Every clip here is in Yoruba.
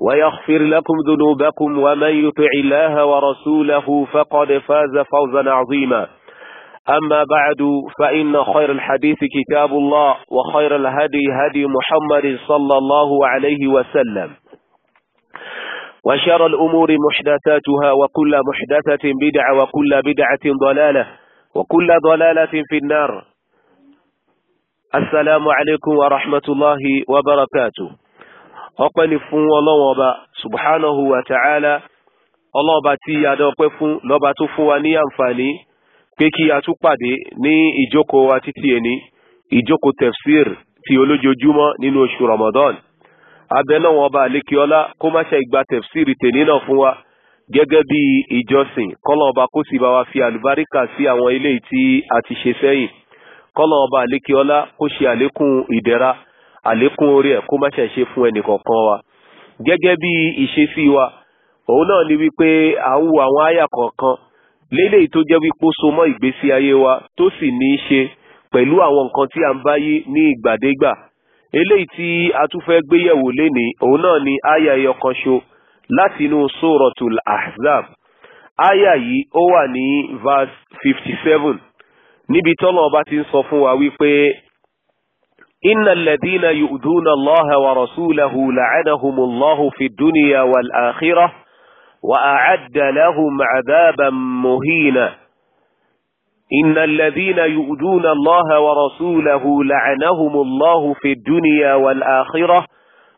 ويغفر لكم ذنوبكم ومن يطع الله ورسوله فقد فاز فوزا عظيما أما بعد فإن خير الحديث كتاب الله وخير الهدي هدي محمد صلى الله عليه وسلم وشر الأمور محدثاتها وكل محدثة بدعة وكل بدعة ضلالة وكل ضلالة في النار السلام عليكم ورحمة الله وبركاته ọpẹ́ ni fún ọlọ́wọ́n ọba subhanahu wa ta'ala ọlọ́ọba tí adá ọpẹ́ fún lọ́ba tó fún wa ní àǹfààní pé kí a tún pàdé ní ìjókòó wa títí ẹni ìjókòó tefsir ti olójoojúmọ́ nínú oṣù ramadan abẹ́ náà wọn ọba àlékiọlá kó má ṣe ìgbà tefsir tèní náà fún wa gẹ́gẹ́ bí ìjọsìn kọ́lọ́ọba kó sì bá wa fi àlùbáríkà sí àwọn ilé tí a ṣe sẹ́yìn kọ́lọ́ọba àlékiọlá kó ṣe àlékún ìdẹ̀ra àlékún orí ẹ̀ kó má ṣe ṣe fún ẹnì kọ̀ọ̀kan wa gẹ́gẹ́ bí ìṣesí wa òun náà ni wípé à ń wo àwọn àyà kọ̀ọ̀kan léléyìí tó jẹ́ wípé ó so mọ́ ìgbésí ayé wa tó sì ní í ṣe pẹ̀lú àwọn nǹkan tí a ń báyé ní ìgbàdégbà eléyìí tí a tún fẹ́ gbéyẹ̀wò lénìí òun náà ni àyà ẹyọ kan ṣo láti inú sóòrọ̀tul ahzab àyà yìí ó wà ní verse fifty seven níbi tọ́lọ́ ọba ti ń sọ fún wa wípé إن الذين يؤذون الله ورسوله لعنهم الله في الدنيا والآخرة وأعد لهم عذابا مهينا إن الذين يؤذون الله ورسوله لعنهم الله في الدنيا والآخرة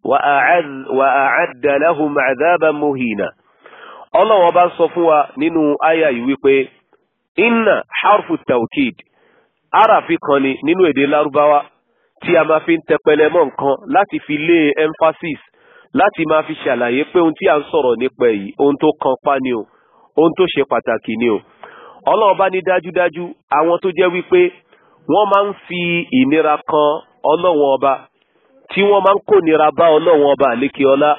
وأعد, وأعد لهم عذابا مهينا الله وبالصفوة صفوا ننو آية يوكي إن حرف التوكيد أرى في قني ننو يدي الأربعة tí a máa fi ń tẹpẹlẹ mọ́ nǹkan láti fi lé emphasis láti máa fi ṣàlàyé pé ohun tí a ń sọ̀rọ̀ nípa èyí ohun tó kan pa ni o ohun tó ṣe pàtàkì ni o ọlọ́run bá ní dájúdájú àwọn tó jẹ́ wípé wọ́n máa ń fi ìnira kan ọlọ́run ọba tí wọ́n máa ń kó ìnira bá ọlọ́run ọba àlékè ọlá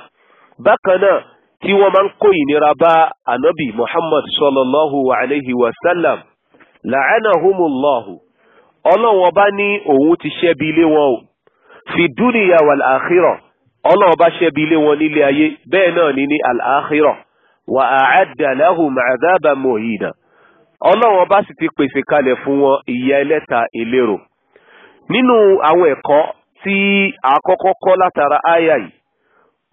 bákan náà tí wọ́n máa ń kó ìnira bá ànábì muhammad sallallahu alayhi wa sallam la'anahumullahu ọlọ́run ọba ní òun ti ṣẹ́bi ilé wọn o fi dúnìyà wà láàkírọ̀ ọlọ́run ọba ṣẹ́bi ilé wọn nílé ayé bẹ́ẹ̀ náà ní ní àláàkírọ̀ wà àádà láhùn màdábà mọ̀hìnà ọlọ́run ọba sì ti pèsè kalẹ̀ fún wọn ìyà ẹlẹ́ta ìlérò nínú àwọn ẹ̀kọ́ tí àkọ́kọ́ kọ́ látara àyà yìí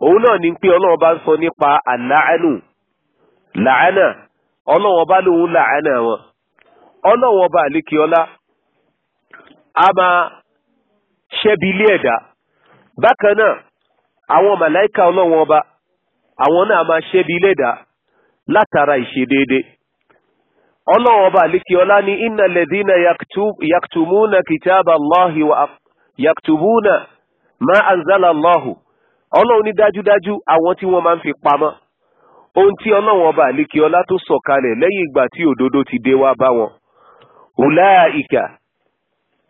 òun náà ni pé ọlọ́run ọba ń sọ nípa àláàánù làánà ọlọ́run ọba lòun làánà wọn ọlọ́run ọba àlékiọlá a máa ṣẹ́bi ilé ẹ̀dá bákan náà àwọn màláìka ọlọ́wọ́n ọba àwọn náà máa ṣẹ́bi ilé látara ìṣedéédé ọba ọlá ní yaktumuna kitaba allahi wa yaktumuna ma anzala allahu ọlọ́run ní dájúdájú àwọn tí wọ́n máa ń fi pamọ ohun tí ọba ti dé wá bá wọn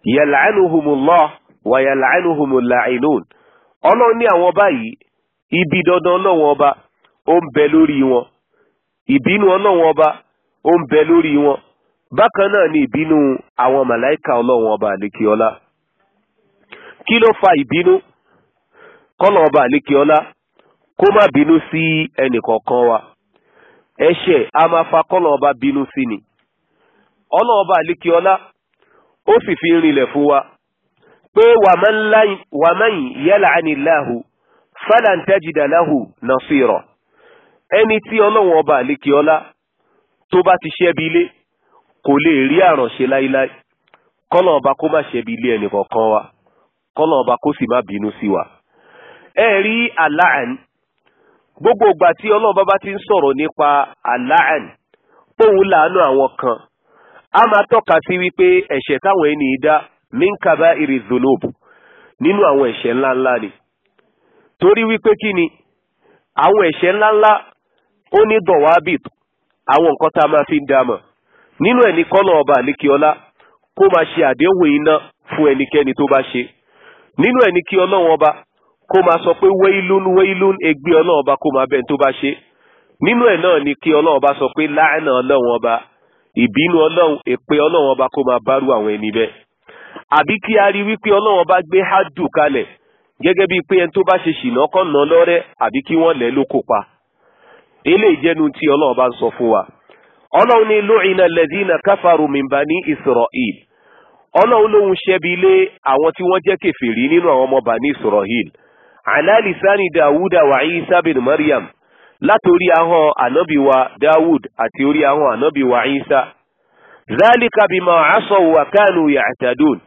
yal'anuhumullah wa yal'anuhumul la'inun ọlọ́run ní àwọn báyìí ibi dandan ọlọrun ọba ó ń bẹ lórí wọn ìbínú ọlọrun ọba ó ń bẹ lórí wọn bákan náà ni ìbínú àwọn màláìka ọlọ́run ọba àlékiọlá kí ló fa ìbínú kọ́lọ̀ ọba àlékiọlá kó má bínú sí ẹnìkọ̀ọ̀kan wa ẹ̀ṣẹ̀ a máa fa kọlọ ọba bínú sí ni ọlọ́run ọba àlékiọlá ó sì fi rinlẹ̀ fún wa pé wàmán yal'anillahu falan tajida lahu nasira ẹni tí ọlọ́wọ́n ọba àlékiọ́lá tó bá ti ṣẹ́bi ilé kò lè rí àrànṣe láíláí kọ́nà ọba kó má ṣẹ́bi ilé ẹnì kọ̀ọ̀kan wa kọ́nà ọba kó sì má bínú sí wa. ẹ rí aláàn gbogbo ìgbà tí ọlọ́ọ̀bá bá ti ń sọ̀rọ̀ nípa aláàn póun láàánú àwọn kan a máa tọ́ka sí wípé ẹ̀ṣẹ̀ táwọn ẹni dá min kabairi dhunub nínú àwọn ẹ̀ṣẹ̀ ńláńlá ni torí wípé kí ni àwọn ẹ̀ṣẹ̀ ńláńlá ó ní dọ̀wábìt àwọn nǹkan tá a máa fi ń dámọ̀ nínú ẹni kọ́nà ọba àlékiọlá kó máa ṣe àdéhùn iná fún ẹnikẹ́ni tó bá ṣe nínú ẹni kí ọlọ́run ọba kó máa sọ pé wẹ́ílún wẹ́ílún ègbé ọlọ́run ọba kó máa bẹ́ẹ̀ tó bá ṣe nínú ẹ̀ náà ni kí ọlọ́run ọba sọ pé láàánà ọlọ́run ọba ìbínú ọlọ́run èpè ọlọ́run ọba kó máa bárú àwọn ẹni bẹ́ẹ̀ àbí kí a rí wípé ọlọ́run ọba gbé hádù kalẹ̀ gẹ́gẹ́ bíi pé ẹni tó bá ṣe ṣìnà kọ́ nà lọ́rẹ́ àbí kí wọ́n lẹ̀ ló kópa eléyìí jẹ́nu tí ọlọ́run ọba ń sọ fún wa ọlọ́run ní lu'ina alladhina kafaru min bani Isra'il ọlọ́run lòun ṣẹ́bi lé àwọn tí wọ́n jẹ́ kèfèrí nínú àwọn ọmọ bani Isra'il ala lisani Dawuda wa Isa bin Maryam látòrí ahọ́n ànábì wa Dawud àti orí ahọ́n ànábì wa Isa zálíkà bímọ àṣọwò àkáànù yàtàdùn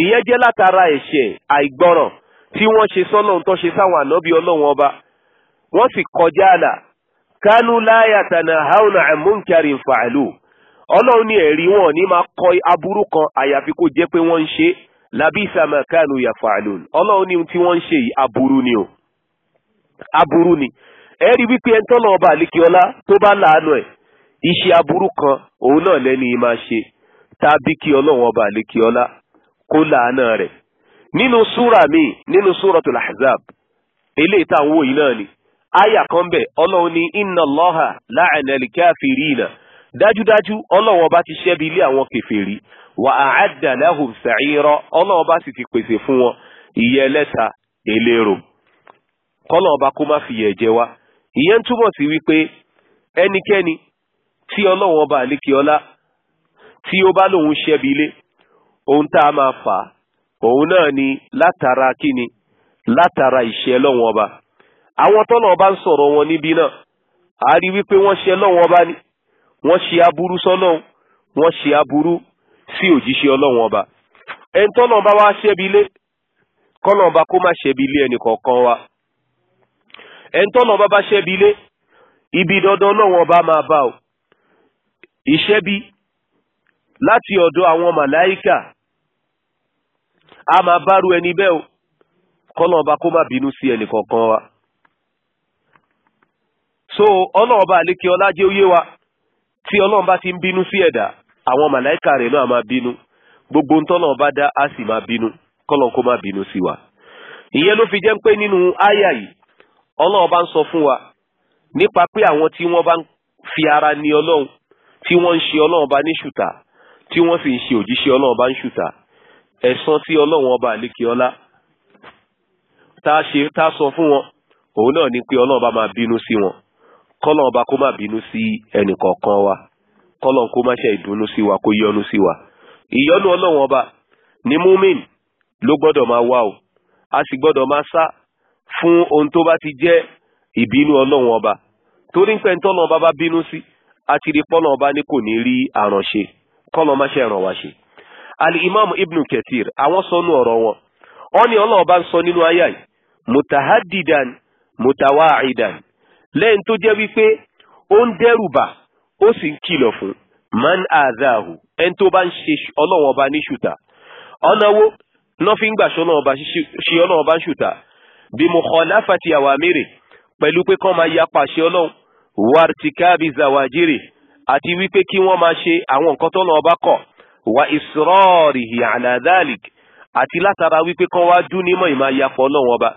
ìyẹn jẹ́ látara ẹ̀ṣẹ̀ àìgbọ́ràn tí wọ́n ṣe sọ́nà tó ṣe sáwọn ànábì ọlọ́wọ́n ọba wọ́n sì kọjá àlà kánú láyàtànà haúnà àmúnkárì fàálù ọlọ́run ní ẹ̀rí wọn ní máa kọ aburú kan àyàfi kó jẹ́ pé wọ́n ń ṣe làbí ìsàmà kánú yàfàálù ọlọ́run ní tí wọ́n ń ṣe yìí aburú ni o aburú ni. ẹ rí wípé ẹni tọ́lọ́ ọba àlekíọ́lá tó bá láàánú ẹ̀ iṣẹ́ aburú kan òun náà lẹ́ni yìí máa ṣe tàbí kí ọlọ́run ọba alekiola kó láàánú rẹ̀ nínú súra mi nínú sura tola eléyìí tá à ń wò yìí náà ni àyà kan bẹ̀ ọlọ́run ní inna Allaha la'ana dájúdájú ọlọ́run ọba ti ṣẹ́bi ilé àwọn ọlọ́run ọba sì ti pèsè fún wọn ìyẹ́ kó má jẹ wá ìyẹn ń túbọ̀ sí wípé ẹnikẹ́ni tí ọlọ́wọ́n ọba àlékiọlá tí ó bá lòun ṣẹ́bi ilé ohun tá a máa fà òun náà ni látara kíni látara ìṣẹ́ lọ́wọ́n ọba àwọn tọ́lọ̀ ọba ń sọ̀rọ̀ wọn níbí náà a rí wípé wọ́n ṣe lọ́wọ́n ọba ni wọ́n ṣe aburú sọ́lọ́hún wọ́n ṣe aburú sí òjíṣẹ́ ọlọ́wọ́n ọba ẹni tọ́lọ̀ ọba wá ṣẹ́bi ilé kọ́lọ̀ ọba kó má ṣẹ́bi ilé ẹnì kọ̀ọ̀kan wa ẹ̀ńtọ́nà bá bá ṣẹ́bi lé ibi dandan ọlọ́run ọba máa bá o ìṣẹ́bi láti ọ̀dọ̀ àwọn màláìkà a máa bárú ẹni bẹ́ẹ̀ o kọ́lọ́n ọba kó má bínú sí ẹnì kọ̀ọ̀kan wa. so ọlọ́run ọba àlékè ọlájẹ́ ó wa tí ọlọ́run ti ń bínú sí ẹ̀dá àwọn màláìkà rẹ̀ náà máa bínú gbogbo ń dá a sì máa bínú kọ́lọ́n kó má bínú wa. ìyẹn ló fi jẹ́ pé ọlọ́run bá ń sọ fún wa nípa pé àwọn tí wọ́n bá ń fi ara ní ọlọ́run tí wọ́n ń ṣe ọlọ́run bá ní ṣùtà tí wọ́n sì ń ṣe òjíṣẹ́ ọlọ́run bá ń ṣùtà ẹ̀san tí ọlọ́run ọba àlékè ọlá tá a ṣe tá a sọ fún wọn òun náà ni pé ọlọ́run bá máa bínú sí wọn kọ́lọ́run bá kó má bínú sí ẹnìkọ̀ọ̀kan wa kọ́lọ́run kó má ṣe ìdùnnú sí wa kó yọ́nú sí wa ìyọ́nú ọlọ́run ọba ni múmin ló gbọ́dọ̀ máa wá o a sì gbọ́dọ̀ máa sá fún ohun tó bá ti jẹ́ ìbínú ọlọ́run ọba torí pé ntọ́nà ọba bá bínú sí àti rí pọ́nà ọba ní kò ní rí àránṣe kọ́nà má ṣe ràn wá ṣe. al-imam ibn kathir àwọn sọnù ọ̀rọ̀ wọn ọ́ ní ọlọ́run ọba ń sọ nínú ayá yìí mutahadidan mutawa'idan lẹ́yìn tó jẹ́ wípé ó ń dẹ́rùbà ó sì ń kìlọ̀ fún man azahu ẹni tó bá ń ṣe ọlọ́run ọba ní ṣùtà ọ̀nà wo náà fi ń gbà ṣe ọlọ́run ọba ń ṣùtà bí mukhalafati awamiri pẹ̀lú pé kán máa ya pàṣẹ ọlọ́run wartikabi zawajiri àti wípé kí wọ́n máa ṣe àwọn nǹkan tó lọ́ọ́ bá kọ̀ wa israrihi ala dhalik àti látara wípé kán wá dún nímọ̀ ìmáa ya pọ̀ ọlọ́run ọba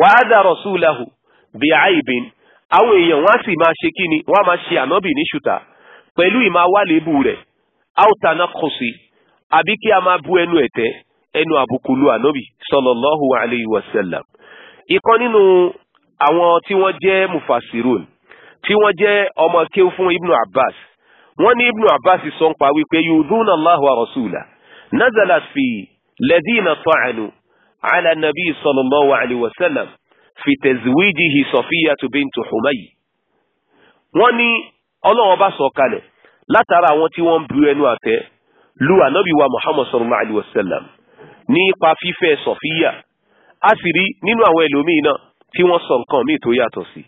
wa adha rasulahu bi aibin àwọn èèyàn wọ́n sì máa ṣe kí wọ́n máa ṣe ànábì ní ṣùtà pẹ̀lú ìmáwálébù rẹ̀ àwòtánà kọ̀sí àbí kí a máa bú ẹnu ẹ̀tẹ́ ẹnu àbùkù lu ànábì sallallahu alayhi wa sallam ìkan nínú àwọn tí wọ́n jẹ́ mufasirun tí wọ́n jẹ́ ọmọ kéw fún ibnu abbas wọ́n ní ibnu abbas sọ ń pa wípé yudhuna allahu arasula nazalat fi ladina ta'anu ala nabi sallallahu alayhi wa sallam fi tazwijihi safiyatu bintu humayi wọ́n ní ọlọ́wọ́n bá sọ kalẹ̀ látara àwọn tí wọ́n ń bu ẹnu àtẹ́ lu anabi muhammad sallallahu alayhi wa sallam nípa fífẹ́ sọfíyà a sì rí nínú àwọn ẹlòmíì náà tí wọ́n sọ nǹkan míì tó yàtọ̀ sí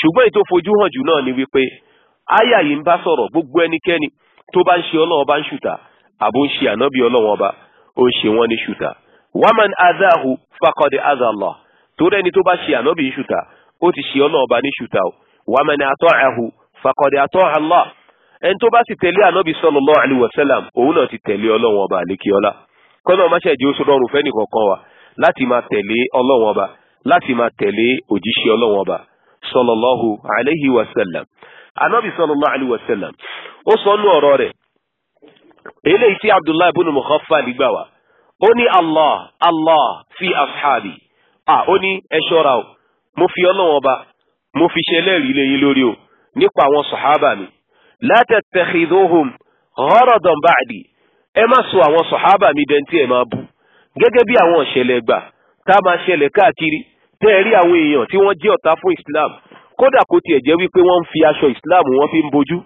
ṣùgbọ́n èyí tó fojú hàn jù náà ni wípé àyà yìí ń bá sọ̀rọ̀ gbogbo ẹnikẹ́ni tó bá ń ṣe ọlọ́wọ́ bá ń ṣùtà àbó ń ṣe ànábì ọlọ́wọ́n ọba ó ń ṣe wọ́n ní ṣùtà wàmán adáhu fakọ̀dé azàlá torí ẹni tó bá ṣe ànábì ṣùtà ó ti ṣe ọlọ́wọ́ ọba ní ṣùtà o wàmán atọ́ahu fakọ̀dé atọ́ Allah ẹni tó bá sì tẹ̀lé ànábì sallallahu alaihi wasallam òun náà ti tẹ̀lé ọlọ́wọ́n ọba àlékiọlá wa láti máa tẹ̀lé ọlọ́run ọba láti máa tẹ̀lé òjíṣẹ́ ọlọ́run ọba sọlọ́lọ́hu aleyhi wa sallam anabi sọlọ́lọ́hu aleyhi wa sallam ó sọ nú ọ̀rọ̀ rẹ̀ eléyìí tí abdullahi ibn mukhaffal gbà wá ó ní allah allah fi ashabi ah ó ní ẹ ṣọ́ra o mo fi ọlọ́run ọba mo fi ṣe ẹlẹ́rìí lẹ́yìn lórí o nípa àwọn sọ̀hábà mi la tattakhidhuhum gharadan ba'di ẹ má sọ àwọn sọ̀hábà mi dẹ́ntì ẹ̀ máa bú gẹ́gẹ́ bí àwọn ìṣẹ̀lẹ̀ gbà tá a máa ṣẹlẹ̀ káàkiri tẹ́ ẹ rí àwọn èèyàn tí wọ́n jẹ́ ọ̀tá fún islam kódà kó tiẹ̀ jẹ́ wípé wọ́n ń fi aṣọ islam wọ́n fi ń bojú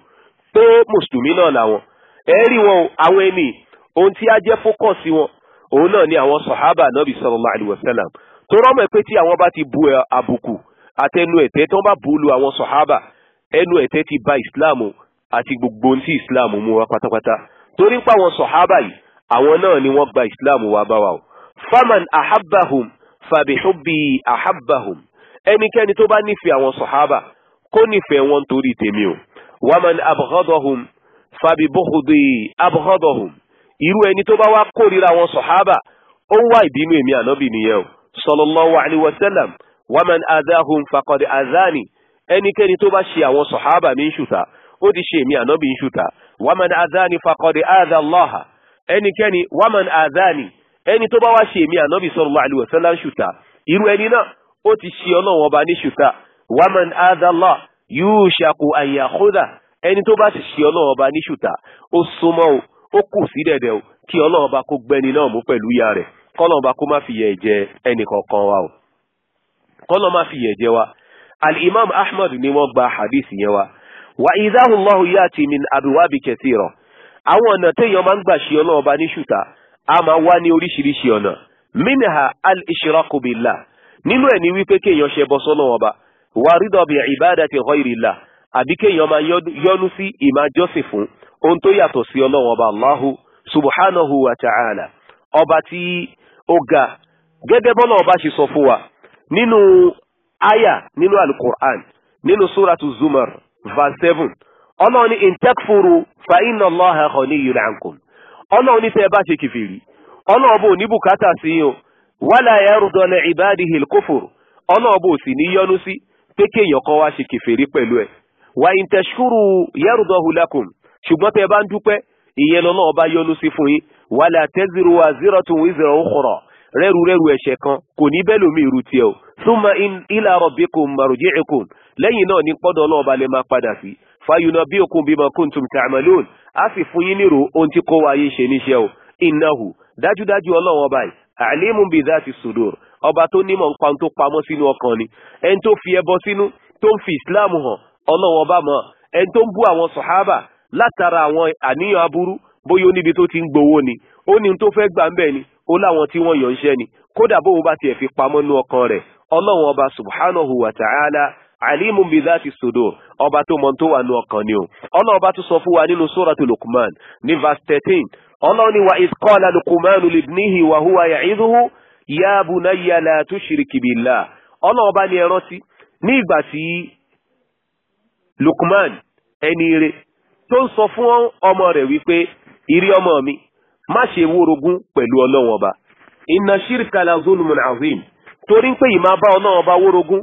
pé mùsùlùmí náà làwọn ẹ rí wọn àwọn ẹni ohun tí a jẹ́ fókọ̀sì wọn òun náà ni àwọn sọ̀hábà nàbì sallallahu alaihi wasallam tó rọ́mọ̀ pé tí àwọn bá ti bu àbùkù àtẹnu ẹ̀tẹ́ tó bá bu lu àwọn sọ̀hábà ẹnu ẹ̀tẹ́ ti ba islam àti gbogbo ohun tí islam mú wa pátápátá torí pé àwọn sọ̀hábà yìí àwọn náà ni wọ́n gba islam wá bá wa o faman ahabbahum fabihubbi ahabbahum ẹnikẹ́ni tó bá nífẹ̀ẹ́ àwọn sọ̀hábà kó nífẹ̀ẹ́ wọn torí tèmi o waman abghadahum fabibughdi abghadahum irú ẹni tó bá wá kórìíra àwọn sọ̀hábà ó wá ìbínú èmi ànábì nìyẹn o sallallahu alayhi wa sallam waman adahum faqad adhani ẹnikẹ́ni tó bá ṣe àwọn sọ̀hábà mi ń ṣùtà ó ti ṣe èmi ànábì ń ṣùtà waman adhani faqad adha ẹnikẹ́ni waman azani ẹni tó bá wá ṣe èmi ànábì sallallahu alaihi n ṣùtà irú ẹni náà ó ti ṣe ọlọ́wọ́n ọba ní ṣùtà waman adala yushaku an yakhuda ẹni tó bá ṣe ọlọ́wọ́n ọba ní ṣùtà ó o ó kù sí dẹ̀dẹ̀ o kí ọba kó gbẹni náà mú ya rẹ̀ ọba kó má fi yẹ jẹ kankan wa o má fi yẹ jẹ wa al ahmad ni wọ́n gba hadith yẹn wa wa idahu allahu yaati min àwọn ọ̀nà téèyàn máa ń gbà ṣe ọlọ́run ọba ní ṣùtà a máa wá ní oríṣiríṣi ọ̀nà minha al-ishraku billah nínú ẹ̀ ní wípé kéèyàn ṣe bọ́ sọ́lọ́run ọba wà rídọ̀ bí ibadati ghayrillah àbí kéèyàn máa yọnu sí ìmájọ́sìn fún ohun tó yàtọ̀ sí ọlọ́run ọba Allahu subhanahu wa ta'ala ọba tí ó ga gẹ́gẹ́ bọ́lá ọba ṣe sọ fún wa nínú aya nínú al-Qur'an nínú suratu zumar verse seven ọlọ́run ní fa inna Allaha ghaniyyun ankum ọlọ́run ní tẹ́ ẹ bá ṣe kìfìrí ọlọ́run bò ní bùkátà sí yín o wala yarda li ibadihi al-kufr ọlọ́run bò sì ní yọ́nú sí pé kéèyàn kan wá ṣe kìfìrí pẹ̀lú ẹ̀ wa in tashkuru yardahu lakum ṣùgbọ́n tẹ́ bá ń dúpẹ́ ìyẹn lọ́nà ọba yọ́nú sí fàyùnà bí okùn bima kuntum ta'malun á sì fún yín nírò ohun tí kò wáyé ṣe níṣẹ́ o innahu dájúdájú ọlọ́wọ́n báyìí alimun bi dhati sudur ọba tó nímọ̀ nǹkan tó pamọ́ sínú ọkàn ni ẹni tó fi ẹbọ sínú tó ń fi islam hàn ọlọ́wọ́n bá mọ̀ ẹni tó ń bú àwọn sọ̀hábà látara àwọn àníyàn aburú bóyá ó tó ti ń gbowó ni ó ní tó fẹ́ gbà ń ni ó láwọn tí wọ́n yàn ń ṣẹ́ ni kódà bóun alimu bidhati sudur ọba tó mọ̀ tó wà nù ọkàn ni o ọlọ́ọ̀ba tó sọ fún wa nínú suratu lukman ní verse thirteen ọlọ́ọ̀ni wa iskola lukumanu libnihi wa huwa ya bunayya na tushriki billah ọlọ́ọ̀ba ni ẹran sí ní ìgbà tí lukman ẹni tó ń sọ fún ọmọ wípé ìrí ọmọ mi má ṣe wórogún pẹ̀lú ọba inna shirka la zulmun azim torí pé ìmọ̀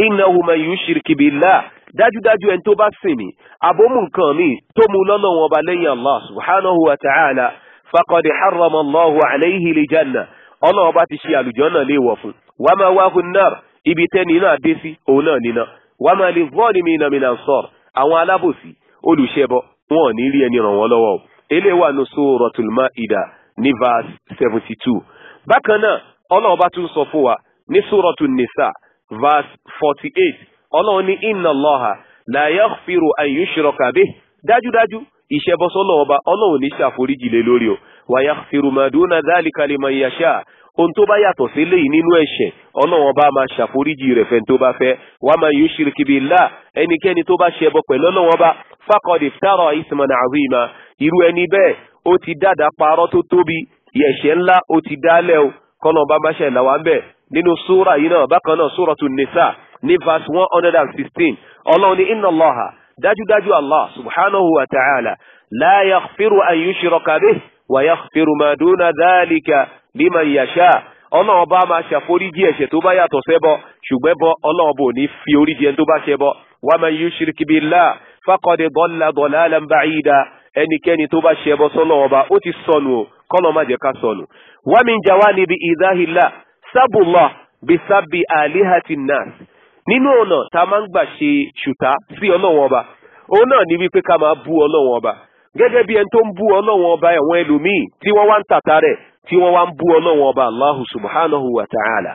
innahu man yushrik billah dájúdájú ẹni tó bá sìn mí àbómú nǹkan mi tó mu lọ́nà wọn ba lẹ́yìn allah subhanahu wa ta'ala faqad harrama allahu alayhi lijanna ọlọ́run bá ti ṣe àlùjànnà léèwọ̀ fún wa ma wahu ibi tẹ́ni náà dé sí òun náà níná wa ma lizzalimina min ansar àwọn alábòsí olùṣẹbọ wọn ò ní rí ẹni ràn wọ́n lọ́wọ́ eléyìí wà ní suratul maida ní verse seventy two bákan náà ọlọ́run bá tún sọ fún wa ní suratul nisa verse forty eight ọlọ́run ní inna Allaha la yaghfiru an yushraka bihi dájúdájú ìṣẹ́bọ́sọ́lọ́ ọba ọlọ́run ní ṣàforíjì lé lórí o wa yaghfiru ma duna dhalika liman yasha ohun tó bá yàtọ̀ sí léyìí nínú ẹ̀ṣẹ̀ ọlọ́run ọba máa ṣàforíjì rẹ̀ fẹ́ tó bá fẹ́ wa man yushrik billah ẹnikẹ́ni tó bá ṣẹbọ pẹ̀lú ọlọ́run ọba faqad iftara isman azima irú ẹni bẹ́ẹ̀ ó ti dáadáa parọ́ tó tóbi ẹ̀ṣẹ̀ ńlá ó ti dálẹ̀ o kọ́nà ọba máṣẹ́ ìlàwà ń bẹ̀ nínú súra yìí náà bákan náà súratu nisa ní verse one hundred and sixteen ọlọ́run ní inna allaha dájúdájú allah subhanahu wa ta'ala la yaghfiru an yushraka bihi wa yaghfiru ma duna dhalika liman yasha ọlọ́run bá máa ṣàforíjì ẹ̀ṣẹ̀ tó bá yàtọ̀ sẹ́bọ ṣùgbọ́n bọ ọlọ́run bò ní fi oríjì ẹni tó bá ṣẹbọ wa man yushrik billah faqad dalla dalalan ba'ida ẹnikẹ́ni tó bá ṣẹbọ sọ́lọ́run ọba ó ti sọnù kọ́lọ́ má jẹ́ ká sọnù wa min jawanibi idahillah sábùlọ bisabi alihati nas nínú ọ̀nà tá a máa ń gbà ṣe ṣùtá sí ọlọ́wọ́n ọba òun náà ní wípé ká máa bú ọlọ́wọ́n ọba gẹ́gẹ́ bí ẹni tó ń bú ọlọ́wọ́n ọba ẹ̀wọ̀n ẹlòmíì tí wọ́n wá ń tàta rẹ̀ tí wọ́n wá ń bú ọlọ́wọ́n ọba allahu subhanahu wa ta'ala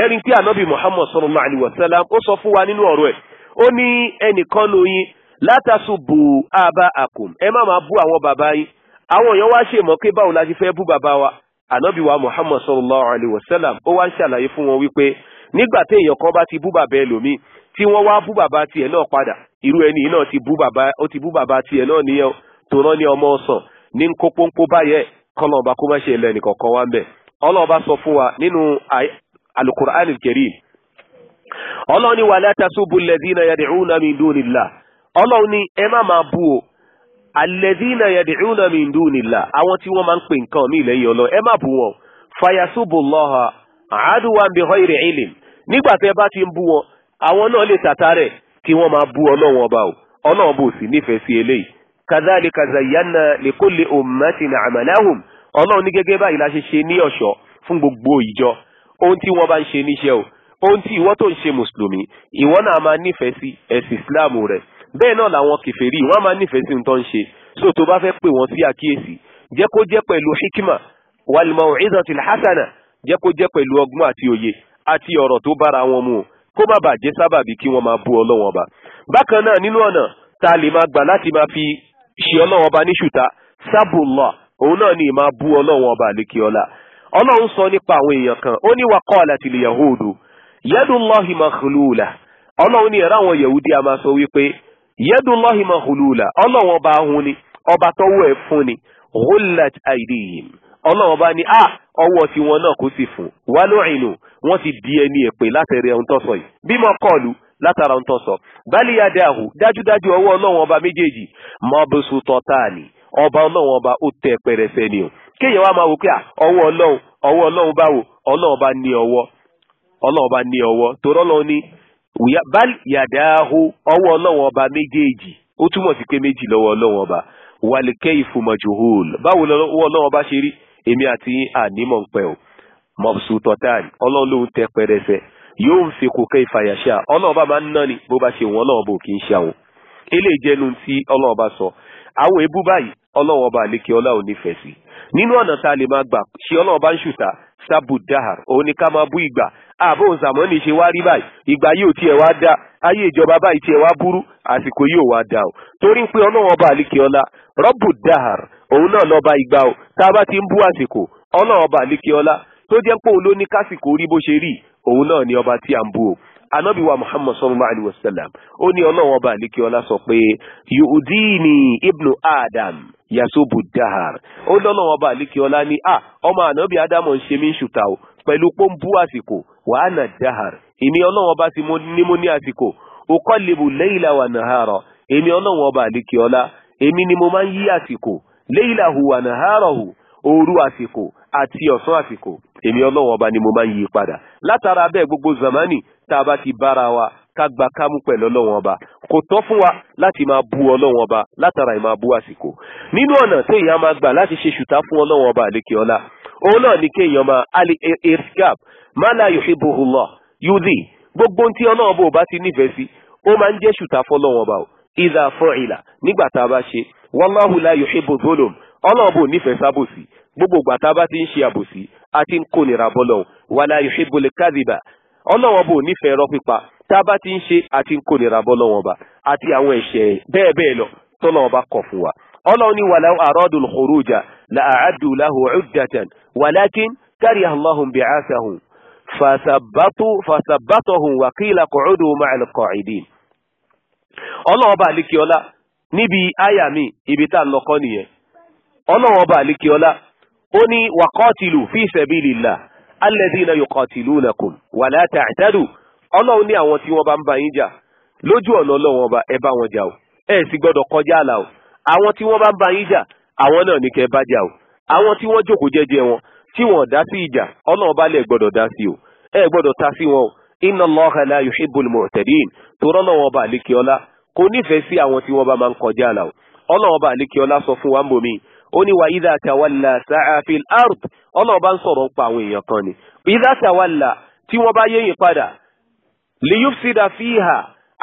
ẹ̀rín tí anabi muhammad sallallahu alayhi wa sallam ó sọ fún wa nínú ọ̀rọ̀ ẹ̀ ó ní ẹnìkan nu yín látàṣubù àbá àkùm ẹ má máa bú àwọn bàbá yín àwọn èèyàn wá ṣèmọ̀ pé báwo la ṣe fẹ́ bú bàbá wa ànábìwá muhammad sallallahu alayhi wa sallam ó wá ń ṣàlàyé fún wọn wípé nígbà tí èèyàn ti bú bàbá ẹlòmíì tí wọ́n wá bú bàbá tiẹ̀ náà padà irú ẹni náà ti bú bàbá ó ti bú bàbá tiẹ̀ náà tó rán ní ọmọ ọsàn ní nkó pọ́npọ́ báyẹ̀ kọ́lọ́ọ̀bá kó má ṣe sọ fún wa nínú alukur'an ọlọ́ọ̀ni alẹ́dínà yẹ̀dìrúnà mi dùn nílà àwọn tí wọ́n máa ń pè nǹkan mí lẹ́yìn ọlọ́ ẹ má bù wọn fayasubu lọ́ha àádùwà ń bẹ họ ìrìn ìlìm nígbà tẹ́ bá ti ń bú wọn àwọn náà lè tàtà rẹ̀ kí wọ́n máa bú ọlọ́wọ́n ọba o ọlọ́wọ́n bò sí nífẹ̀ẹ́ sí eléyìí kadhalika zayyana likulli ummatin amalahum ọlọ́run ní gẹ́gẹ́ báyìí la ṣe ṣe ní ọ̀ṣọ́ bẹ́ẹ̀ náà làwọn kèfèrí wọ́n á máa nífẹ̀ẹ́ sí ohun tó ń ṣe so tó bá fẹ́ pè wọ́n sí àkíyèsí jẹ́ kó jẹ́ pẹ̀lú hikima wal mau'izatil hasana jẹ́ kó jẹ́ pẹ̀lú ọgbọ́n àti òye àti ọ̀rọ̀ tó bára wọn mu kó má bàa jẹ́ sábàbí kí wọ́n máa bú ọlọ́wọ́n ọba. bákan náà nínú ọ̀nà tá a lè máa gbà láti máa fi ṣe ọlọ́wọ́n ọba ní ṣùtá sábùlọ̀ òun náà ni ì máa ọlọ́wọ́n yadullahi mahulula ọlọ́wọ́n bá hun ni ọba tọ́wọ́ ẹ̀ fún ni hullat aidihim ọlọ́wọ́n bá ní a ah, ọwọ́ tiwọn náà kò sì fún wa lóyìnbó wọ́n ti di ẹni èpè látẹ̀rẹ̀ ohun tó sọ yìí bímọ kọlu látara ohun tó sọ bali yadahu dájúdájú ọwọ́ ọlọ́wọ́n ọba méjèèjì mọ́bùsù tọ́tàlì ọba ọlọ́wọ́n ọba ó tẹ pẹrẹsẹ ni o kéèyàn wá máa wò pé ah, ọwọ́ ọlọ́run ọwọ́ ọlọ́run báwo ọlọ́run bá ní ọwọ́ ọlọ́run bá ní ọwọ́ torí ọlọ́run bal yàdáhó ọwọ́ ọlọ́wọ́n ọba méjèèjì ó túmọ̀ sí pé méjì lọ́wọ́ ọlọ́wọ́n ọba wàlíkẹ́ ìfòmọ̀jòhóòl báwo lọ́wọ́ ọlọ́wọ́n ọba ṣe rí èmi àti ànímọ̀ ń pẹ́ o mọ̀bùsùtọ̀tàn ọlọ́run ló ń tẹ pẹrẹsẹ yóò ń fi kókẹ́ ìfàyàṣà ọlọ́ọ̀bá máa ń náni bó bá ṣe wọn ọlọ́ọ̀bá ò kì í ṣe eléyìí sábùdáhàr òun ni ká máa bú ìgbà àbò zamani ṣe wá rí báyìí ìgbà yóò tiẹ̀ wá dá ayé ìjọba báyìí tiẹ̀ wá burú àsìkò yóò wá dá o torí pé ọlọ́run ọba àlìkíọ́lá rọ́bùdáhàr òun náà lọ́ba ìgbà o tá a bá ti ń bú àsìkò ọlọ́run ọba àlìkíọ́lá tó jẹ́ pé òun ló ní kásìkò orí bó ṣe rí òun náà ni ọba tí à ń bú o anabi wa muhammad sallallahu alayhi wa sallam ó ní ọlọ́wọ́n ọba àlékè ọlá sọ pé yudini ibnu adam yasubu dahar ó lọ́lọ́wọ́n ọba àlékè ọlá ní à ah, ọmọ anabi adamu ń ṣe mí ṣùtà o pẹ̀lú pọ́ńbú àsìkò wàhánà dahar ìní ọlọ́wọ́n ọba ti ní mo ní àsìkò ukọ́lébù layla wa nahara èmi ọlọ́wọ́n ọba àlékè ọlá èmi ni mo máa ń yí àsìkò laylahu wa naharahu òru àsìkò àti ọ̀sán àsìkò èmi ọlọ́wọ́n ọba ni mo máa ń yí padà látara bẹ́ẹ̀ gbogbo zamani tá a bá ti bára wa ká gba kámú pẹ̀lú ọlọ́wọ́n ọba kò tọ́ fún wa láti máa bu ọlọ́wọ́n ọba látara ì máa bu àsìkò nínú ọ̀nà tí èèyàn máa gbà láti ṣe ṣùtá fún ọlọ́wọ́n ọba àlékè ọlá òun náà ni kéèyàn máa ali e, irkab má la yuhibbuhu Allah yudhi gbogbo ohun tí ọlọ́wọ́n bò bá ti nífẹ̀ẹ́ sí ó máa ń jẹ́ ṣùtá fọlọ́wọ́n ọba o idha fu'ila nígbà tá a bá ṣe wallahu la wala yuhibbu al ọlọ́wọ́n bò nífẹ̀ẹ́ ẹ̀rọ pípa tá a bá ti ń ṣe àti ń kórìíra bọ́ lọ́wọ́n ọba àti àwọn ẹ̀ṣẹ̀ bẹ́ẹ̀ bẹ́ẹ̀ lọ tọ́lọ́wọ́n bá kọ̀ fún wa ọlọ́run ní wàláwọ́ àrọ́dùn kòrújà làádùn láhùn ọ̀dàtàn wàlákin kárí bí àṣàhùn wàkìlà alladhina yuqatilunakum wala ta'tadu ọlọ́run ní àwọn tí wọ́n bá ń bá yín jà lójú ọ̀nà ọlọ́run ọba ẹ bá wọn jà o ẹ sì gbọ́dọ̀ kọjá àlà o àwọn tí wọ́n bá ń bá yín jà àwọn náà ní kẹ́ bá jà o àwọn tí wọ́n jókòó jẹ́jẹ́ wọn tí wọ́n dá sí ìjà ọlọ́run ọba lẹ̀ gbọ́dọ̀ dá sí o ẹ gbọ́dọ̀ ta sí wọn o inna Allaha la yuhibbul mu'tadin torọ́ ó ní wa idha tawalla sa'a fil ard ọlọ́run bá ń sọ̀rọ̀ ń pa àwọn èèyàn kan ni idha tawalla tí wọ́n bá yẹ̀yìn padà liyufsida fiha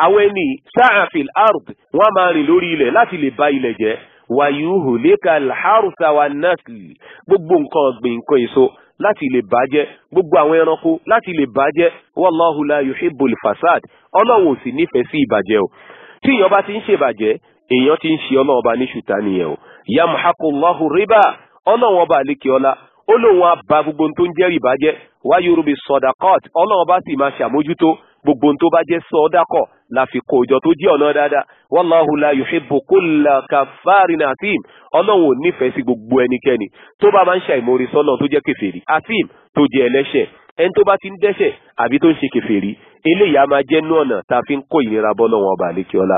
àwọn ẹni sa'a fil ard wọ́n máa rìn lórí ilẹ̀ láti lè ba ilẹ̀ jẹ́ wàyúhù lẹ́ka làárùsà wa násìlì gbogbo nǹkan ọ̀gbìn nǹkan èso láti lè bàjẹ́ gbogbo àwọn ẹranko láti lè bàjẹ́ wallahu la yuhibbul fasad èèyàn ti ń ṣe ọlọ́run ọba ní ṣùtá nìyẹn o yamhaqullahu riba ọlọ́run ọba àlékè ọlá ó lóun àbá gbogbo tó ń jẹ́ rìbá jẹ́ wá yorùbá sọdakọ́t ọlọ́run bá sì máa ṣàmójútó gbogbo tó bá jẹ́ sọdakọ́ láfikún òjò tó jẹ́ ọ̀nà dáadáa wallahu la yuhibbu kulla kafarin atim ọlọ́run ò nífẹ̀ẹ́ sí gbogbo ẹnikẹ́ni tó bá máa ń ṣàìmórí sọ́nà tó jẹ́ kèfèrí atim tó jẹ́ ẹlẹ́ṣẹ̀ ẹni tó bá ti ń dẹ́ṣẹ̀ àbí tó ń ṣe kèfèrí eléyàá máa jẹ́ nú ọ̀nà tá a fi ń kó ìnira bọ́ lọ́wọ́ ọba àlékiọ́lá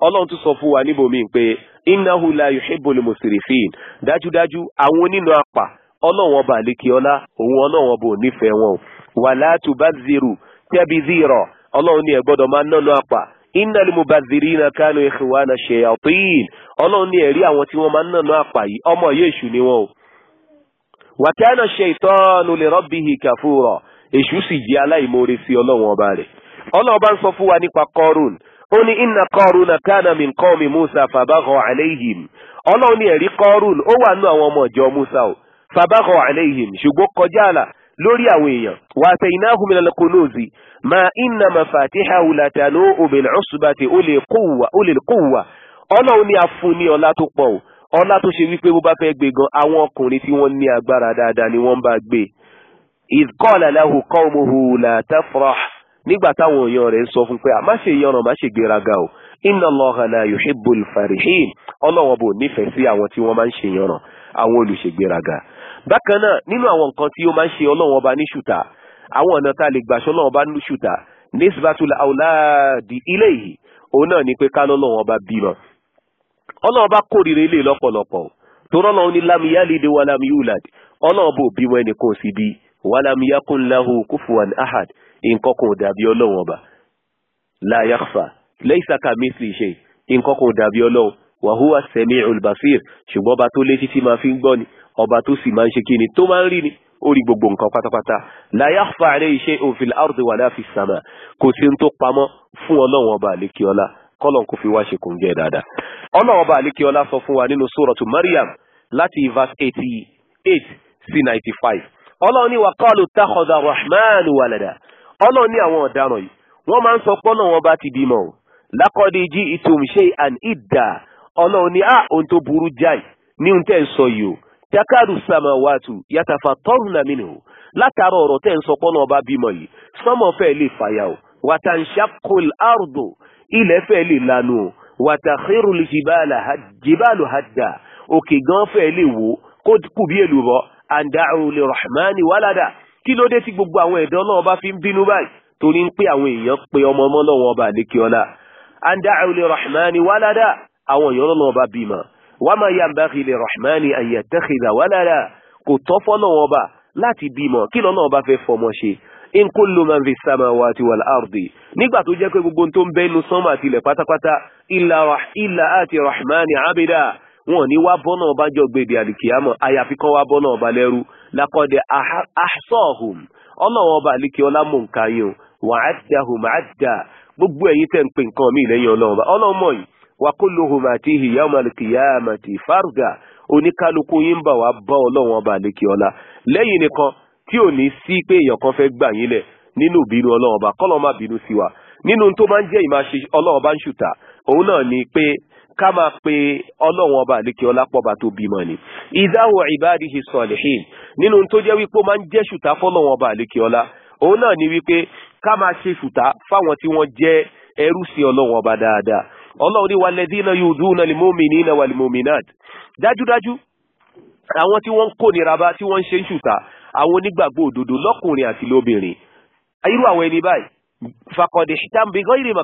ọlọ́run tún sọ fún wa níbòmí pé innahu la yuhibbul musrifin dájúdájú àwọn onínú apà ọlọ́run ọba àlekè ọlá òun ọlọ́run ọba ò nífẹ̀ẹ́ wọn wala tubazziru tabzira ọlọ́run ní ẹ gbọ́dọ̀ máa nánú apà innal mubazirina kanu ikhwana shayatin ọlọ́run ní ẹ̀rí àwọn tí wọ́n máa ń nánú apà yìí ọmọ yéṣù ni wọn o wa kana shaytanu li rabbihi kafura èṣù sì jẹ́ aláìmoore sí ọlọ́run ọba rẹ̀ ọlọ́run bá ń sọ fún wa nípa kọ́rùn ó ní inna Qaruna kana min qawmi Musa fabagha alayhim ọlọ́run ní ẹ̀rí Qarun ó wà nú àwọn ọmọ ìjọ Musa o fabagha alayhim ṣùgbọ́n kọjá àlà lórí àwọn èèyàn wa atainahu minal kunuzi ma inna mafatihahu latanu bil usbati ulil quwwa ulil quwwa ọlọ́run ní afúnni ọlá tó pọ̀ o ọlá tó ṣe wípé bó bá fẹ́ gbé gan àwọn ọkùnrin tí wọ́n ní agbára dáadáa ni wọ́n bá gbé idh qala lahu qawmuhu la tafrah nígbà táwọn èèyàn rẹ̀ ń sọ fún pé a má ṣe yanràn má ṣe gbéraga o inna Allaha la yuhibbul farihin ọlọ́wọ́n bò nífẹ̀ẹ́ sí àwọn tí wọ́n máa ń ṣe yanràn àwọn olùṣègbéraga. bákan náà nínú àwọn nǹkan tí ó máa ń ṣe ọlọ́wọ́n bá ní ṣùtà àwọn ọ̀nà tá a lè gbàṣọ́ ọlọ́wọ́n bá ní ṣùtà nisbatul ọlọ́wọ́n bá kórìíra ilé lọ́pọ̀lọpọ̀ torọ́ lọ́wọ́ ni lam yalid ọlọ́wọ́n bò bímọ ẹnì kan síbi wa lam yakun lahu kufuwan nǹkan kan ò dàbí ọlọ́run ọba la yakhfa laysa kamithlihi shay nǹkan kan dàbí ọlọ́run wa huwa sami'ul ṣùgbọ́n ọba tó létí tí máa fi ń ọba tó sì máa ń ṣe kí ni tó máa rí ni ó rí gbogbo nǹkan pátápátá la yakhfa ofili shay'un fil sama kò sí ń tó pamọ́ fún ọlọ́run ọba kọ́lọ̀ kò fi wá ṣe ọlọ́run ní àwọn ọ̀daràn yìí wọ́n máa ń sọ pé ọlọ́run ọba ti bímọ o lákọ́dé jí ìtum ṣe àn ìdà ọlọ́run ní à ohun tó burú jáì ní ohun tẹ́ ń sọ yìí o takadu samawatu yàtàfà tọ́rùn náà mìíràn o látara ọ̀rọ̀ tẹ́ ń sọ pé ọba bímọ yìí sọ́mọ fẹ́ lè fàyà o wàtàǹṣàkùl àrùdò ilẹ̀ fẹ́ lè lanu o wàtàkìrù jìbàlù hadda òkè gan fẹ́ lè wò kó kù bí àǹdà kí ló dé tí gbogbo àwọn ẹ̀dọ́ náà bá fi ń bínú báyìí torí ń pé àwọn èèyàn pé ọmọ ọmọ náà wọn ọba àlékè ọlá andá àwòlè rahmani wàládà àwọn èèyàn náà bá bímọ wà máa yá mbàkì lè rahmani àyẹ̀tẹ́kìlá wàládà kò tọ́ fọ́nà wọn bá láti bímọ kí lọ́nà ọba fẹ́ fọmọ ṣe in kullu man fi samawati wal ardi nígbà tó jẹ́ pé gbogbo tó ń bẹ́nu sánmà tilẹ̀ pátápátá illa àti rahmani abida wọn ní wá bọ́nà ọba jọ gbèdé àdìkíyàmọ̀ àyàfi kan wá bọ́nà ọba lẹ́rú lakode ahsahum ọlọ́wọ́ ọba àlekè ọlá mọ̀ nǹkan yìí wà gbogbo ẹ̀yin tẹ̀ ń pè nǹkan mi lẹ́yìn ọlọ́wọ́ ọlọ́mọ yìí wà kulluhum atihi yawmal qiyamati farda oníkálukú yín bà wá bá ọlọ́wọ́ ọba àlekè ọlá lẹ́yìn nìkan tí ò ní sí pé èèyàn kan fẹ́ gbà yín lẹ̀ nínú ìbínú ọlọ́wọ́ ọba kọ́lọ́ má bínú sí wa nínú tó máa ń nínú tó jẹ́ wípé ó máa ń jẹ́ ṣùtá fọ́nà wọn bá àlékè ọlá òun náà ni wípé ká máa ṣe ṣùtá fáwọn tí wọ́n jẹ́ ẹrú sí ọlọ́wọ́n ọba dáadáa ọlọ́run ní walladhina yudhuna al-mu'minina wal-mu'minat dájúdájú àwọn tí wọ́n ń kónira bá tí wọ́n ń ṣe ń ṣùtá àwọn onígbàgbọ́ òdodo lọ́kùnrin àti lóbìnrin irú àwọn ẹni báyìí faqad ihtamu bi ghayri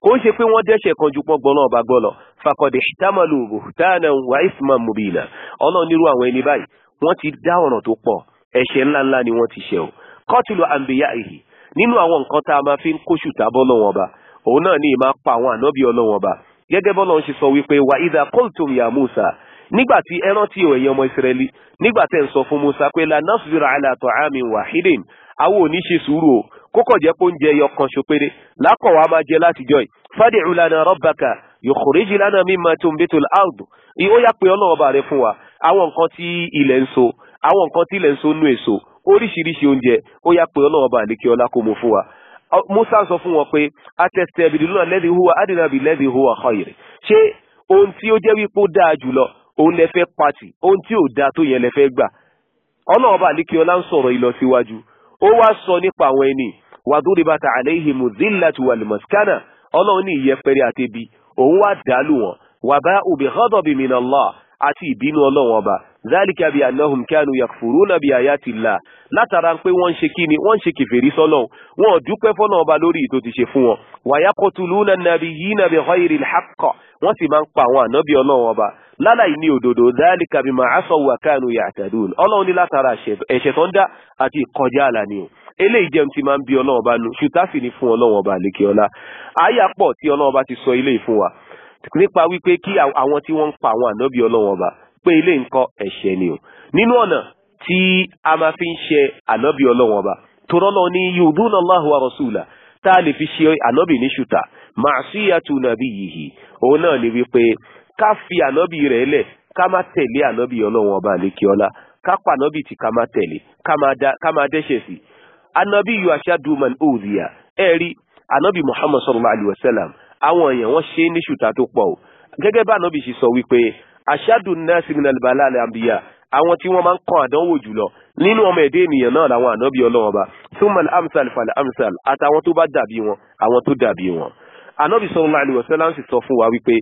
kò ń ṣe pé wọ́n dẹ́ṣẹ̀ kan ju pọ́ngbọ́n náà bá gbọ́ lọ faqad ihtamalu buhtanan wa isman mubina ọlọ́run nírú àwọn ẹni báyìí wọ́n ti dá ọ̀ràn tó pọ̀ ẹ̀ṣẹ̀ ńláńlá ni wọ́n ti ṣẹ̀ o kọ́tìlù àǹbẹ̀yà èyí nínú àwọn nǹkan tá a máa fi ń kóṣù tábọ́ lọ́wọ́n ọba òun náà ní ìmá pa àwọn ànábì ọlọ́wọ́n ọba gẹ́gẹ́ bọ́lá ń ṣe sọ wípé wa idha qultum ya Musa nígbà tí ẹ rántí ẹ̀yin ọmọ Ísírẹ́lì nígbà tẹ̀ ń sọ fún Musa pé la nasbiru ala àwọn nǹkan tí ilẹ̀ ń so àwọn nǹkan tí ilẹ̀ ń so nú èso oríṣiríṣi oúnjẹ ó yá pé ọlọ́wọ́ bá àlékè ọlá kó mu fún wa musa sọ fún wọn pé atẹsẹ bìdìlúwà lẹ́dí huwa adìrẹ́bì lẹ́dí huwa khayr ṣé ohun tí ó jẹ́ wípé ó dáa jùlọ òun lẹ fẹ́ pati ohun tí ò dáa tó yẹn lẹ fẹ́ gbà ọlọ́wọ́ bá àlékè ọlá ń sọ̀rọ̀ ìlọ àti ìbínú ọlọ́run ọba zálìkà bíi anahum kánú yakfuruna bíi ayatillah látara pé wọ́n ń ṣe kíni wọ́n ń ṣe kèfèrí sọ́lọ́run wọn ò dúpẹ́ fọ́nà ọba lórí ètò ti ṣe fún wọn. wàyàkọ̀tulúnà nabiyina bi ghayril haqq wọ́n sì máa ń pa àwọn ànábì ọlọ́run ọba láláì ní òdodo zálìkà bíi màásọ̀ wà kánú ya'tadun ọlọ́run ní látara ẹ̀ṣẹ̀ tó ń dá àti ìkọjá àlàní o eléyìí jẹun ti máa ń bí ọlọ́run ọba nípa wípé kí àwọn tí wọ́n ń pa àwọn ànábì ọlọ́wọ́n ọba pé ilé nǹkan ẹ̀ṣẹ̀ ni o nínú ọ̀nà tí a máa fi ń ṣe ànábì ọlọ́wọ́n ọba torọ́lọ́ ní yudun allahu wa rasula tá a lè fi ṣe ànábì ní ṣùtà màṣíyàtú nàbí yìí òun náà ni wípé ká fi ànábì rẹ̀ lẹ̀ ká má tẹ̀lé ànábì ọlọ́wọ́n ọba àlékiọ́lá ká pa ànábì tí ká má tẹ̀lé ká má dẹ́ṣẹ̀ sí ànábì yóò aṣáájú man ẹ̀rí ànábì muhammad sallallahu alayhi àwọn èèyàn wọ́n ṣe é ní ṣùtà tó pọ̀ o gẹ́gẹ́ bá ànábì ṣe sọ wípé aṣáàdùn náà sí minal bala alẹ́ àbíyá àwọn tí wọ́n máa ń kọ́ àdánwò jùlọ nínú ọmọ ẹ̀dẹ́ ènìyàn náà làwọn ànábì ọlọ́wọ́n bá sumal amsal fal amsal àtàwọn tó bá dàbí wọn àwọn tó dàbí wọn. ànábì sallallahu alaihi wasallam sì sọ fún wa wípé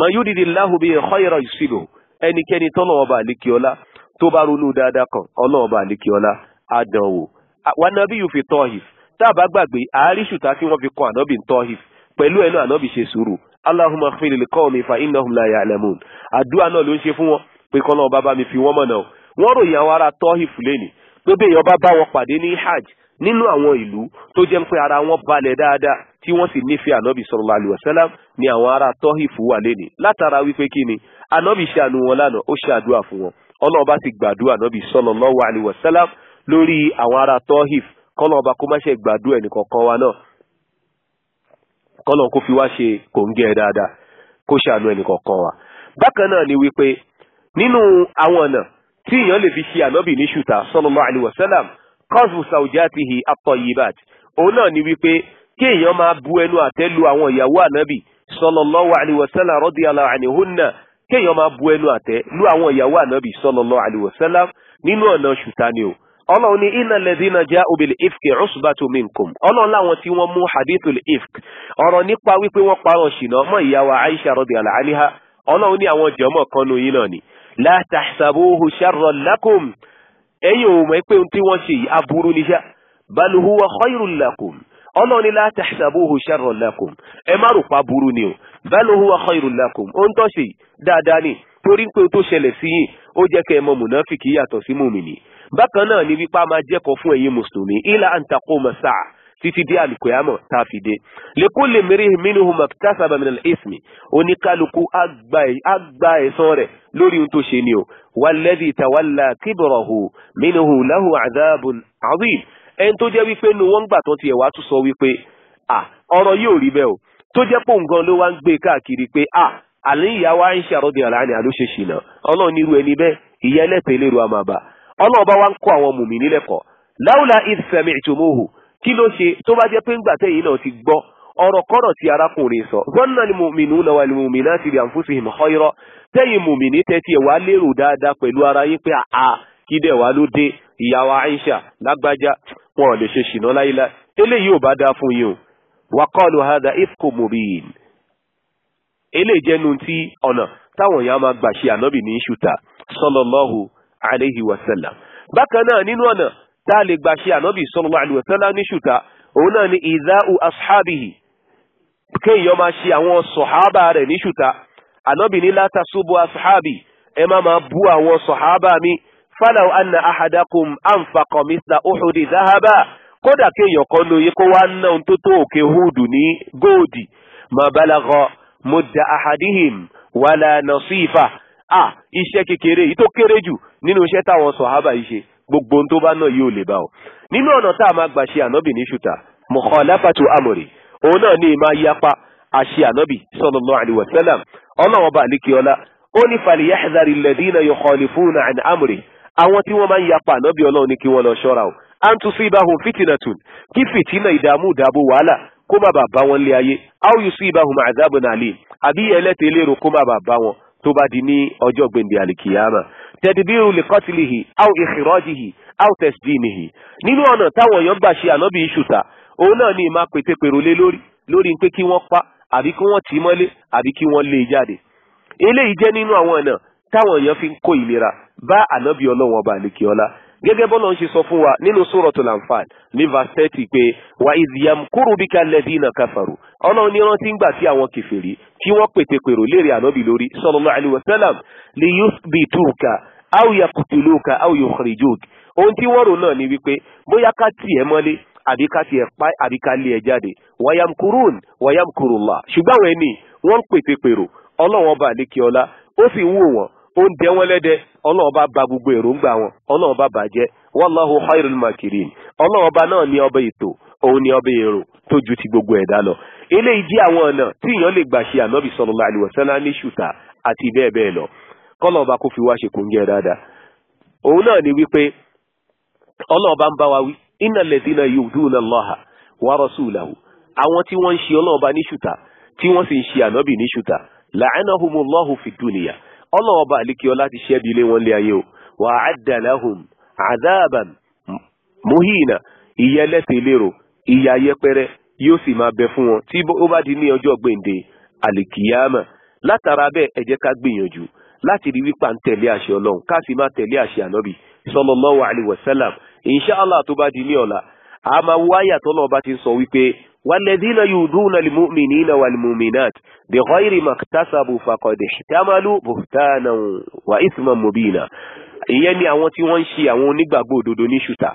mayudidillahu bi khayra yusibu ẹnikẹ́ni tọ́lọ́wọ́ bá àlékiọ́lá tó bá ronú dáadáa kan ọlọ́wọ́ bá àlékiọ́lá àdánwò. wanabi yóò fi tọ́hìf tá a bá gbàgbé àárí ṣùtá tí wọ́n fi kọ́ ànábì tọ́hìf pẹ̀lú ẹ̀ náà ànábì ṣe sùúrù allahumma ighfir li qawmi fa innahum la ya'lamun àdúrà náà ló ń ṣe fún wọn pé kọ́nà ọba bá mi fi wọ́n mọ̀nà wọ́n ròyìn àwọn ará tọ́hìfù lẹ́ni pé bẹ́ẹ̀ yọba bá wọn pàdé ní hajj nínú àwọn ìlú tó jẹ́ pé ara wọn balẹ̀ dáadáa tí wọ́n sì nífẹ̀ẹ́ ànábì sallallahu alaihi wasallam ni àwọn ará tọ́hìfù wà lẹ́ni látara wípé kí ni ànábì ṣe àánú wọn lánàá ó ṣe àdúrà fún wọn ọlọ́ọ̀bá ti gbàdúrà ànábì sallallahu alaihi wasallam lórí àwọn ará tọ́hìfù kọ́nà ọba kó má ṣe gbàdúrà ẹnìkọ̀ọ̀kan wa náà kọ́lọ̀ kó fi wá ṣe kòǹgẹ́ dáadáa kó ṣàánú ẹnì kọ̀ọ̀kan wa. bákan náà ni wípé nínú àwọn ọ̀nà tí èèyàn lè fi ṣe ànábì ní ṣùtà sallallahu alaihi wasallam kọ́sù sàwùjáàtìhì at-tayyibat òun náà ni wípé kí èèyàn máa bu ẹnu àtẹ́ lu àwọn ìyàwó ànábì sallallahu alaihi wasallam radiyallahu anhunna kéèyàn máa bu ẹnu àtẹ́ lu àwọn ìyàwó ànábì sallallahu alaihi wasallam nínú ọ̀nà ṣùtà ni o ọlọ́run ní iná lẹ́dínà jẹ́ obìnrin ifk ọ̀ṣùbàtò minkum ọlọ́run láwọn tí wọ́n mú hadithul ifk ọ̀rọ̀ nípa wípé wọ́n parọ́ ṣìnà ọmọ ìyá wa aisha radiyallahu anha ọlọ́run ní àwọn jọmọ́ kan nù yín náà ni la tahsabuhu sharran lakum ẹ̀yin ò mọ̀ pé tí wọ́n ṣe aburú níṣà bal huwa khayrun lakum ọlọ́run ní la tahsabuhu sharran lakum ẹ má rò pa burú ni o bal huwa khayrun ó ń tọ́ ṣe dáadáa ni torí pé o tó ṣẹlẹ̀ sí yín ó jẹ́ kẹ́ ẹ mọ mùnáfìkì yàtọ̀ sí mùmìnì bákan náà ni wípé a máa jẹ́kọ̀ọ́ fún ẹ̀yin mùsùlùmí ilà àǹtakó masáà títí dé àlùkòyàmọ̀ tá a fi dé lèkó lè mérí mínú maktasaba min al-ismi oníkálukú àgbà ẹ̀san rẹ̀ lórí ohun tó ṣe ni o walladhi tawalla kibrahu minhu lahu adhabun azim ẹni tó jẹ́ wípé nu wọ́n gbà tán tiẹ̀ wá tún sọ wípé à ọ̀rọ̀ yóò rí bẹ́ẹ̀ o tó jẹ́ pò gan ló wá ń gbé káàkiri pé à àlẹ́ ìyá wa ń ṣàròdì àlàní àlóṣeṣì náà ọlọ́run nírú ẹni bẹ́ẹ̀ ìyá ẹlẹ́tẹ̀ẹ́lẹ́rù àmàbà ọlọ́run bá wá ń kọ́ àwọn mùmí nílẹ̀kọ́ láwùlà ìfẹ̀mí ìtòmóhù kí ló ṣe tó bá jẹ́ pé ńgbà tẹ́yìn náà ti gbọ́ ọ̀rọ̀ kọ́rọ̀ tí arákùnrin sọ zọ́nà ni mùmínú náà wà ní mùmí náà ti rí àǹfóṣe ìmọ̀ ọ̀yọ́rọ́ tẹ́yìn mùmí ní tẹ́tí ẹ̀ wá lérò dáadáa pẹ̀lú ara yín pé àá kí dẹ̀ wá ló dé ìyàwó Aisha lágbájá wọn ò lè ṣe ṣìnà láyílá eléyìí ò bá dáa fún yín o wà kọ́ọ̀lù hada ifko mubin eléyìí jẹ́nu tí ọ̀nà táwọn èèyàn máa gbà ṣe ànábì ní ṣùtà sallallahu alayhi wa sallam bákan náà nínú ọ̀nà tá a lè gbà ṣe ànábì sallallahu alayhi wa sallam ní ṣùtá òun náà ni ìdáhù ashabihi kéèyàn máa ṣe àwọn sọ̀hábà rẹ̀ ní ṣùtá ànábì ní la tasubbu ashabi ẹ má máa bú àwọn sọ̀hábà mi falaw anna ahadakum anfaqa mithla uhudi dhahaba kódà kéèyàn kan lóye kó wá ná ohun tó tó òkè húdù ní góòdì ma balagha mudda ahadihim wala nasifa à iṣẹ́ kékeré yìí tó kéré jù nínú iṣẹ́ táwọn sọ̀hábà yìí ṣe gbogbo ohun tó bá náà yóò lè bá o nínú ọ̀nà tá a máa gbà ṣe ànábì ní ṣùtà mukhalafatu amri òun náà ní ìmá yapa àṣẹ ànábì sallallahu alaihi wasallam ọlọ́wọ́n bá àlékè ọlá ó ní falyahdhari alladhina yukhalifuna an amri àwọn tí wọ́n máa ń yapa ànábì ọlọ́run ní kí wọ́n lọ ṣọ́ra o an tusibahum fitnatun tó bá di ní ọjọ́ gbèndé alikiyama tẹ̀díbírù lè kọ́tìlìhì áwò ìṣìrọ́jìhì áwò tẹ̀sídìmìhì nínú ọ̀nà táwọn èèyàn gbà ṣe ànábì ìṣùtà òun náà ní ìmá pètèpèrò lé lórí lórí pé kí wọ́n pa àbí kí wọ́n tì í mọ́lé àbí kí wọ́n lé e jáde eléyìí jẹ́ nínú àwọn ọ̀nà táwọn èèyàn fi ń kó ìlera bá ànábì ọlọ́wọ́n ọba àlekèọ́lá gẹ́gẹ́ bọ́lá ń ṣe sọ fún wa nínú suratul Anfal ní vasẹ́tì pé wà ìzìyàm kúrú bí kálẹ̀dì iná káfàrú ọlọ́run ní rántí ń gbà sí àwọn kẹfìrí tí wọ́n pètè pèrò léèrè ànábì lórí sallallahu alaihi wasallam li yuthbituka aw yaqtuluka aw yukhrijuka ohun tí wọ́n rò náà ni wípé bóyá ká tiẹ̀ mọ́lé àbí ká tiẹ̀ pa àbí ká lé ẹ jáde wàyàmkùrún wàyàmkùrùlà ṣùgbọ́n àwọn ẹni wọ́n ń pètè pèrò ọlọ́run ọba ó ń dẹ wọn lẹ́dẹ ọlọ́run bá ba gbogbo èròǹgbà wọn ọlọ́run bá bàjẹ́ wallahu khairul makirin ọlọ́run bá náà ní ọbẹ̀ ètò òun ní ọbẹ̀ èrò tó ju ti gbogbo ẹ̀dá lọ eléyìí jẹ́ àwọn ọ̀nà tí èèyàn lè gbà ṣe ànábì sallallahu alaihi wasallam ní ṣùtà àti bẹ́ẹ̀ bẹ́ẹ̀ lọ fi wá ṣe dáadáa òun náà ní ọlọ́wọ́ bá àlekíọ́lá ti ṣẹ́bi ilé wọn lé ayé o wà á dàláhùn àdáàbàn muhina ìyà ẹlẹ́sẹ̀ ìlérò ìyà yẹpẹrẹ yóò sì máa bẹ fún wọn tí ó bá di ní ọjọ́ gbèǹde àlekíyàmà látara bẹ́ẹ̀ ẹ jẹ́ ká gbìyànjú láti rí wípé à ń tẹ̀lé àṣẹ ọlọ́run ká sì máa tẹ̀lé àṣẹ ànábì sallallahu alaihi wasallam tó bá di ní ọ̀la àmàwáyà tọ́lọ́ bá ti sọ wípé والذين yóò dún والمؤمنات بغير ما wà فقد احتملوا ghayri maktasabu fakọ̀dé tamalu buhtana wà isma mubina. ìyẹn ni àwọn tí wọ́n ń ṣe àwọn onígbàgbọ́ òdodo ní ṣùtà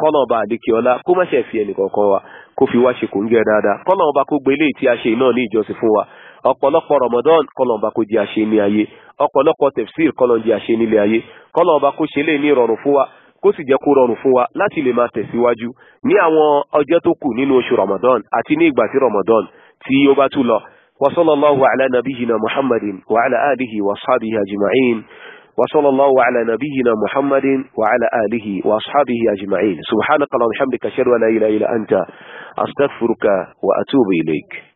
kọ́nà ọba àdékíọ́lá kó má ṣe fi ẹnìkọ̀ọ̀kan wa kó fi wá ṣe kò ń gẹ́ dáadáa kọ́nà ọba kó gbé eléyìí tí a ṣe náà ní ìjọsìn fún wa ọ̀pọ̀lọpọ̀ ramadan kọ́nà ọba kó jẹ́ àṣe ní ayé ọ̀pọ̀lọpọ̀ tefsir kọ́nà jẹ́ àṣe nílé ayé kọ́nà ọba kó ṣe lè ní ìrọ̀rùn fún wa kó sì jẹ́ kó rọrùn fún wa láti lè máa tẹ̀síwájú ní àwọn ọjọ́ tó kù nínú oṣù Ramadan àti ní ìgbà tí Ramadan tí ó bá tún lọ وصلى الله على نبينا محمد وعلى آله وأصحابه أجمعين وصلى الله على نبينا محمد وعلى آله وأصحابه أجمعين سبحانك اللهم وبحمدك أشهد أن لا إله إلا أنت أستغفرك وأتوب إليك